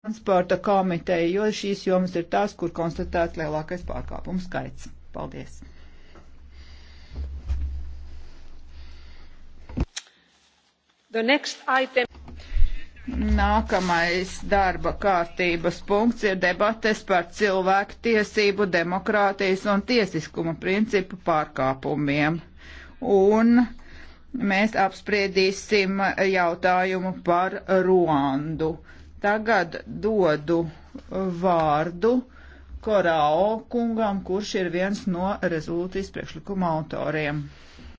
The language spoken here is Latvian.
transporta komiteja, jo šīs jomas ir tās, kur konstatēts lielākais pārkāpumu skaits. Paldies! Nākamais darba kārtības punkts ir debates par cilvēku tiesību, demokrātijas un tiesiskuma principu pārkāpumiem. Un mēs apspriedīsim jautājumu par Ruandu. Tagad dodu vārdu Korao kungam, kurš ir viens no rezolūcijas priekšlikuma autoriem.